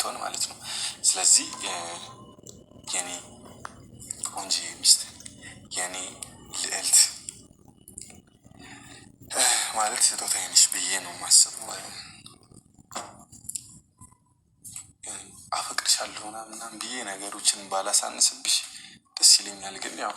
ስለምትሆን ማለት ነው። ስለዚህ የኔ ቆንጆ ሚስት የኔ ልዕልት ማለት ስጦታ ይነሽ ብዬ ነው የማስበው። አፈቅርሻለሁ ምናምን ብዬ ነገሮችን ባላሳንስብሽ ደስ ይለኛል ግን ያው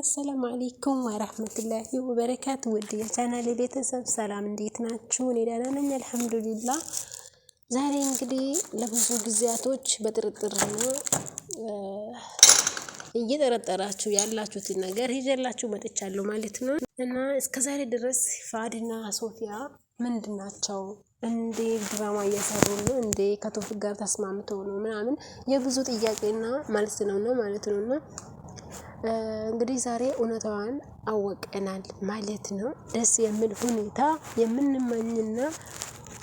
አሰላሙ አሌይኩም ወራህመቱላሂ ወበረካቱ። ውድ የቻናል ቤተሰብ ሰላም እንዴት ናችሁ? እኔ ደህና ነኝ አልሐምዱሊላ። ዛሬ እንግዲህ ለብዙ ጊዜያቶች በጥርጥር ነው እየጠረጠራችሁ ያላችሁትን ነገር ይዤላችሁ መጥቻለሁ ማለት ነው እና እስከዛሬ ድረስ ፋድና ሶፊያ ምንድን ናቸው እንዴ ድራማ እየሰሩ ነው እንዴ ከቶፊቅ ጋር ተስማምተው ነው ምናምን የብዙ ጥያቄና መልስ ነው ማለት ነውና እንግዲህ ዛሬ እውነታዋን አወቀናል ማለት ነው። ደስ የሚል ሁኔታ የምንመኝና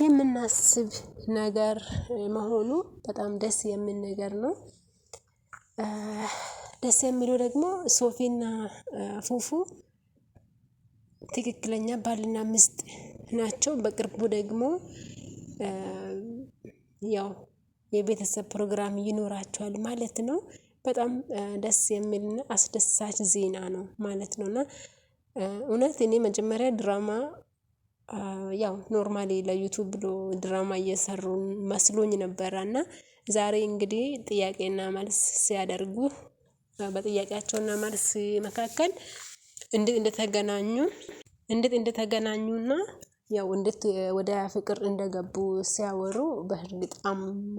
የምናስብ ነገር መሆኑ በጣም ደስ የሚል ነገር ነው። ደስ የሚለው ደግሞ ሶፊና ፉፉ ትክክለኛ ባልና ሚስት ናቸው። በቅርቡ ደግሞ ያው የቤተሰብ ፕሮግራም ይኖራቸዋል ማለት ነው። በጣም ደስ የሚልና አስደሳች ዜና ነው ማለት ነው። እና እውነት እኔ መጀመሪያ ድራማ ያው ኖርማሊ ለዩቱብ ብሎ ድራማ እየሰሩ መስሎኝ ነበረ። እና ዛሬ እንግዲህ ጥያቄና መልስ ሲያደርጉ በጥያቄያቸውና መልስ መካከል እንዴት እንደተገናኙ እንዴት እንደተገናኙና ያው እንዴት ወደ ፍቅር እንደገቡ ሲያወሩ በእርግጥ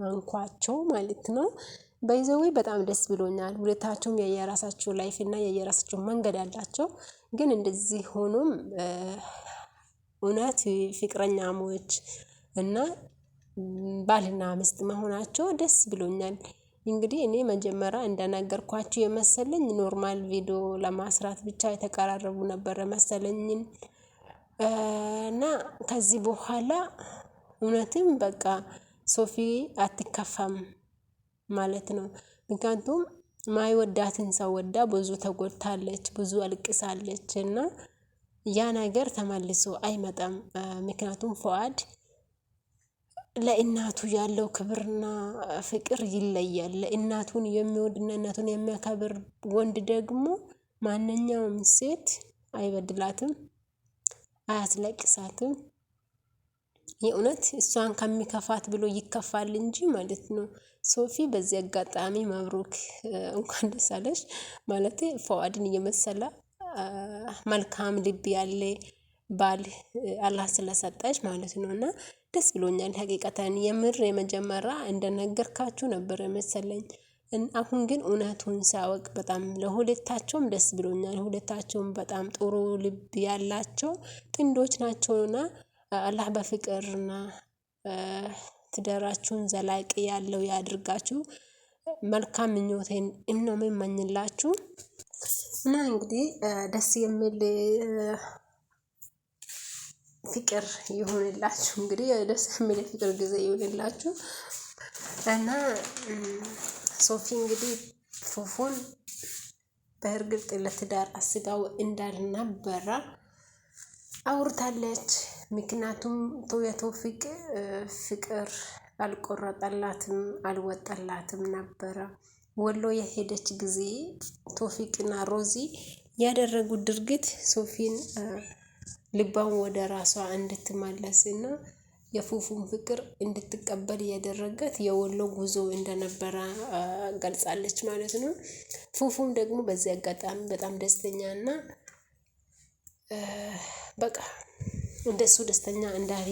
ማንኳቸው ማለት ነው። በይዘዌ በጣም ደስ ብሎኛል። ሁለታቸውም የየራሳቸው ላይፍ እና የየራሳቸው መንገድ አላቸው። ግን እንደዚህ ሆኖም እውነት ፍቅረኛሞች እና ባልና ሚስት መሆናቸው ደስ ብሎኛል። እንግዲህ እኔ መጀመሪያ እንደነገርኳችሁ የመሰለኝ ኖርማል ቪዲዮ ለማስራት ብቻ የተቀራረቡ ነበረ መሰለኝን እና ከዚህ በኋላ እውነትም በቃ ሶፊ አትከፋም ማለት ነው። ምክንያቱም ማይወዳትን ሰው ወዳ ብዙ ተጎድታለች፣ ብዙ አልቅሳለች እና ያ ነገር ተመልሶ አይመጣም። ምክንያቱም ፉአድ ለእናቱ ያለው ክብርና ፍቅር ይለያል። ለእናቱን የሚወድና እናቱን የሚያከብር ወንድ ደግሞ ማንኛውም ሴት አይበድላትም። አያስለቅሳትም። የእውነት እሷን ከሚከፋት ብሎ ይከፋል እንጂ ማለት ነው። ሶፊ በዚህ አጋጣሚ መብሩክ እንኳን ደስ አለሽ ማለት ፈዋድን እየመሰለ መልካም ልብ ያለ ባል አላህ ስለሰጠች ማለት ነው። እና ደስ ብሎኛል ሀቂቀተን የምር የመጀመሪያ እንደነገርካችሁ ነበር መሰለኝ አሁን ግን እውነቱን ሳወቅ በጣም ለሁለታቸውም ደስ ብሎኛል። ሁለታቸውም በጣም ጥሩ ልብ ያላቸው ጥንዶች ናቸውና አላህ በፍቅርና ትዳራችሁን ዘላቂ ያለው ያድርጋችሁ መልካም ምኞቴን ነው የምመኝላችሁ። እና እንግዲህ ደስ የሚል ፍቅር ይሁንላችሁ። እንግዲህ ደስ የሚል ፍቅር ጊዜ ይሁንላችሁ እና ሶፊ እንግዲህ ፉፉን በእርግጥ ለትዳር አስጋው እንዳልነበረ አውርታለች። ምክንያቱም የቶፊቅ ፍቅር አልቆረጠላትም አልወጠላትም ነበረ። ወሎ የሄደች ጊዜ ቶፊቅና ሮዚ ያደረጉት ድርጊት ሶፊን ልባን ወደ ራሷ እንድትመለስ እና የፉፉን ፍቅር እንድትቀበል ያደረጋት የወሎ ጉዞ እንደነበረ ገልጻለች ማለት ነው። ፉፉም ደግሞ በዚህ አጋጣሚ በጣም ደስተኛ እና በቃ እንደሱ ደስተኛ እንዳሪ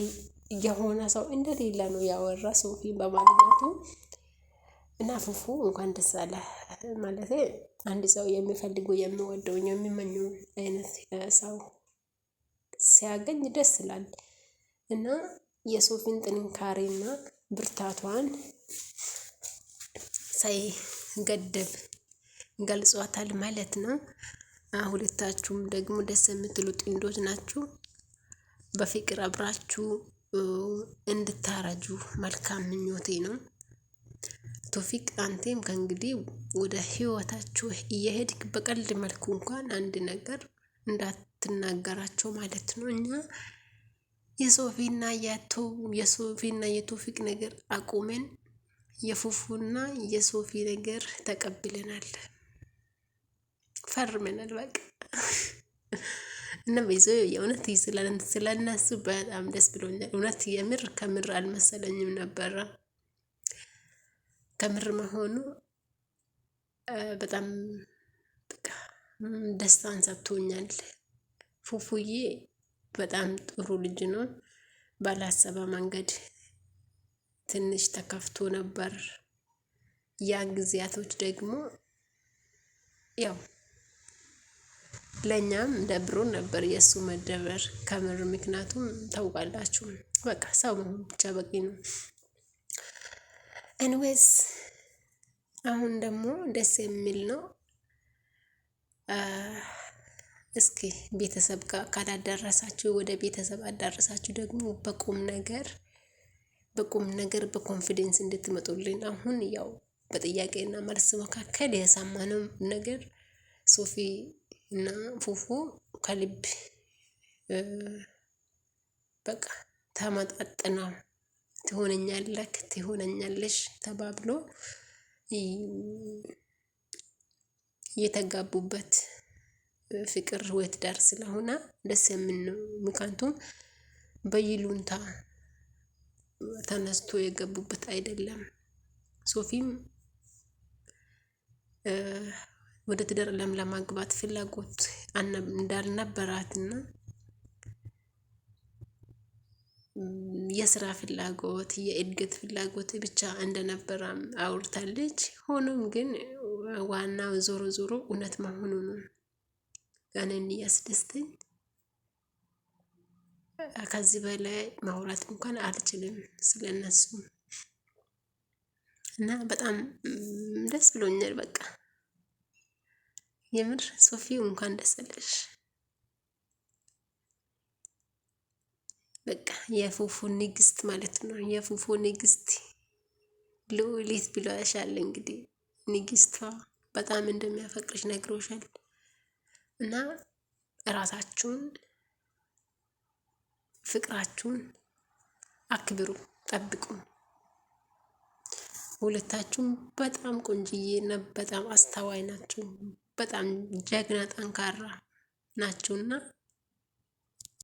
የሆነ ሰው እንደሌለ ነው ያወራ ሶፊ በማግኘቱ እና ፉፉ እንኳን ደስ አለ ማለት አንድ ሰው የሚፈልገው የሚወደው የሚመኘው አይነት ሰው ሲያገኝ ደስ ይላል እና የሶፊን ጥንካሬና ብርታቷን ሳይገደብ ገልጿታል ማለት ነው። ሁለታችሁም ደግሞ ደስ የምትሉ ጥንዶች ናችሁ። በፍቅር አብራችሁ እንድታረጁ መልካም ምኞቴ ነው። ቶፊቅ አንቴም ከእንግዲህ ወደ ህይወታችሁ እየሄድክ በቀልድ መልኩ እንኳን አንድ ነገር እንዳትናገራቸው ማለት ነው እኛ የሶፊና የሶፊና የቶፊቅ ነገር አቁመን የፉፉና የሶፊ ነገር ተቀብለናል፣ ፈርመናል። በቃ እና በይዞ የእውነት ይስላል ስለነሱ በጣም ደስ ብሎኛል። እውነት የምር ከምር አልመሰለኝም ነበረ። ከምር መሆኑ በጣም በቃ ደስታን ሰጥቶኛል ፉፉዬ በጣም ጥሩ ልጅ ነው። ባላሰበ መንገድ ትንሽ ተከፍቶ ነበር። ያን ጊዜያቶች ደግሞ ያው ለእኛም ደብሮ ነበር የእሱ መደበር ከምር። ምክንያቱም ታውቃላችሁ በቃ ሰው መሆን ብቻ በቂ ነው። እንዌስ አሁን ደግሞ ደስ የሚል ነው። እስኪ ቤተሰብ ካላዳረሳችሁ ወደ ቤተሰብ አዳረሳችሁ ደግሞ በቁም ነገር በቁም ነገር በኮንፊደንስ እንድትመጡልን። አሁን ያው በጥያቄና መልስ መካከል የሰማነው ነገር ሶፊ እና ፉፉ ከልብ በቃ ተመጣጥና ትሆነኛለክ ትሆነኛለሽ ተባብሎ እየተጋቡበት ፍቅር ህይወት ዳር ስለሆነ ደስ የምን ነው። ምክንያቱም በይሉንታ ተነስቶ የገቡበት አይደለም። ሶፊም ወደ ትዳር ለም ለማግባት ፍላጎት እንዳልነበራትና የስራ ፍላጎት የእድገት ፍላጎት ብቻ እንደነበረ አውርታለች። ሆኖም ግን ዋናው ዞሮ ዞሮ እውነት መሆኑ ነው። ቀንን ያስደስተኝ። ከዚህ በላይ ማውራት እንኳን አልችልም ስለ እነሱ እና በጣም ደስ ብሎኛል። በቃ የምር ሶፊ እንኳን ደስ አለሽ። በቃ የፉፉ ንግስት ማለት ነው። የፉፉ ንግስት ልዑሊት ብለሻል። እንግዲህ ንግስቷ በጣም እንደሚያፈቅርሽ ነግሮሻል። እና እራሳችሁን ፍቅራችሁን አክብሩ፣ ጠብቁ። ሁለታችሁም በጣም ቆንጅዬ እና በጣም አስተዋይ ናችሁ። በጣም ጀግና ጠንካራ ናችሁና